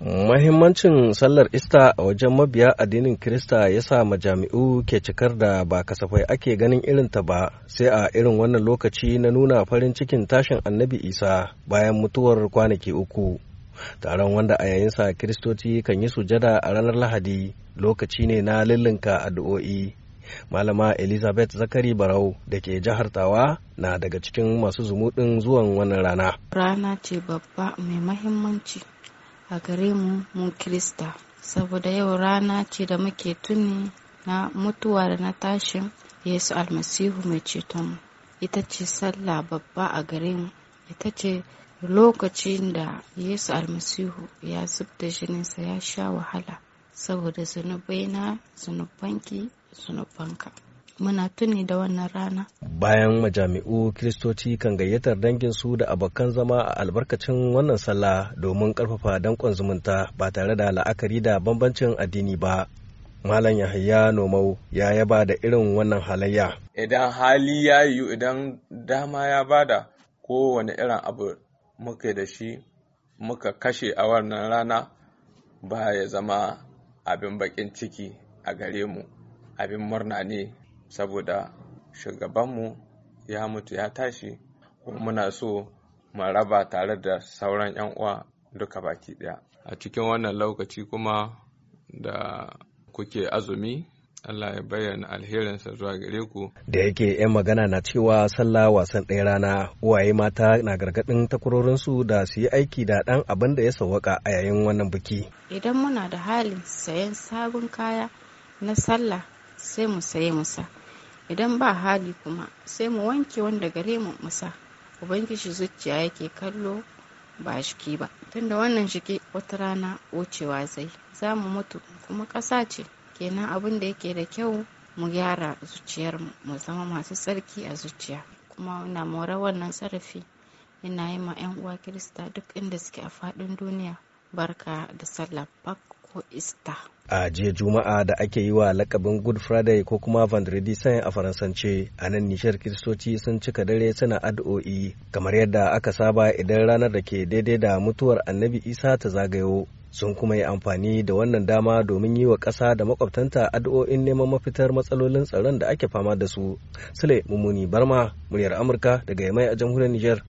Mahimmancin sallar Ista a wajen mabiya addinin Kirista ya sa majami'u ke cikar da ba kasafai ake ganin irinta ba sai a irin wannan lokaci na nuna farin cikin tashin annabi Isa bayan mutuwar kwanaki uku. Taron wanda a yayinsa Kiristoci kan yi sujada a ranar Lahadi lokaci ne na lullunka addu'o'i. Malama Elizabeth Zakari Barau da ke jihar Tawa na daga cikin masu zumuɗin zuwan wannan rana. Rana ce babba mai mahimmanci. a gare mu mu Kirista. Saboda yau rana ce da muke tuni na mutuwa da na tashin Yesu almasihu mai cetonmu. Ita ce sallah babba a gare mu, ita ce lokacin da Yesu almasihu ya zubta da jininsa ya sha wahala saboda zunubai na zunubanki zunubanka. muna tuni da wannan rana. Bayan majami'u Kiristoci kan gayyatar danginsu da abokan zama a albarkacin wannan sallah domin karfafa dankon zumunta ba tare da la'akari da bambancin addini ba. Malam Yahaya Nomau ya yaba da irin wannan halayya. Idan hali ya yiwu idan dama ya bada kowane irin abu muka da shi muka kashe a wannan rana ba ya zama abin bakin ciki a gare mu abin murna ne saboda shugabanmu ya mutu ya tashi muna so mu raba tare da sauran 'yan uwa duka baki ɗaya a cikin wannan lokaci kuma da kuke azumi Allah ya bayyana alherinsa zuwa gare ku. Da yake 'yan magana na cewa sallah wasan ɗaya rana uwaye mata na gargaɗin takwarorinsu da su yi aiki da ɗan abin da ya sauka a yayin wannan biki. Idan muna da halin sayan sabon kaya na sallah sai mu saye musa. idan ba hali kuma sai mu wanke wanda gare mu musa ubangiji zuciya yake kallo ba shiki ba tunda wannan shiki wata rana wucewa zai za mu mutu kuma ƙasa ce kenan abin da yake da kyau mu gyara zuciyar mu zama masu tsarki a zuciya kuma na mora wannan sarrafi yana yi ma 'yan uwa kirista duk inda suke a faɗin duniya barka da sallah pak ko Easter. A jiya Juma'a da ake yi wa lakabin Good Friday ko kuma Vendredi Saint a Faransance, a nan nishar Kiristoci sun cika dare suna addu'o'i kamar yadda aka saba idan ranar da ke daidai da mutuwar Annabi Isa ta zagayo. Sun kuma yi amfani da wannan dama domin yi wa ƙasa da makwabtanta addu'o'in neman mafitar matsalolin tsaron da ake fama da su. Sule Mumuni Barma, muryar Amurka daga Yamai a jamhuriyar Nijar.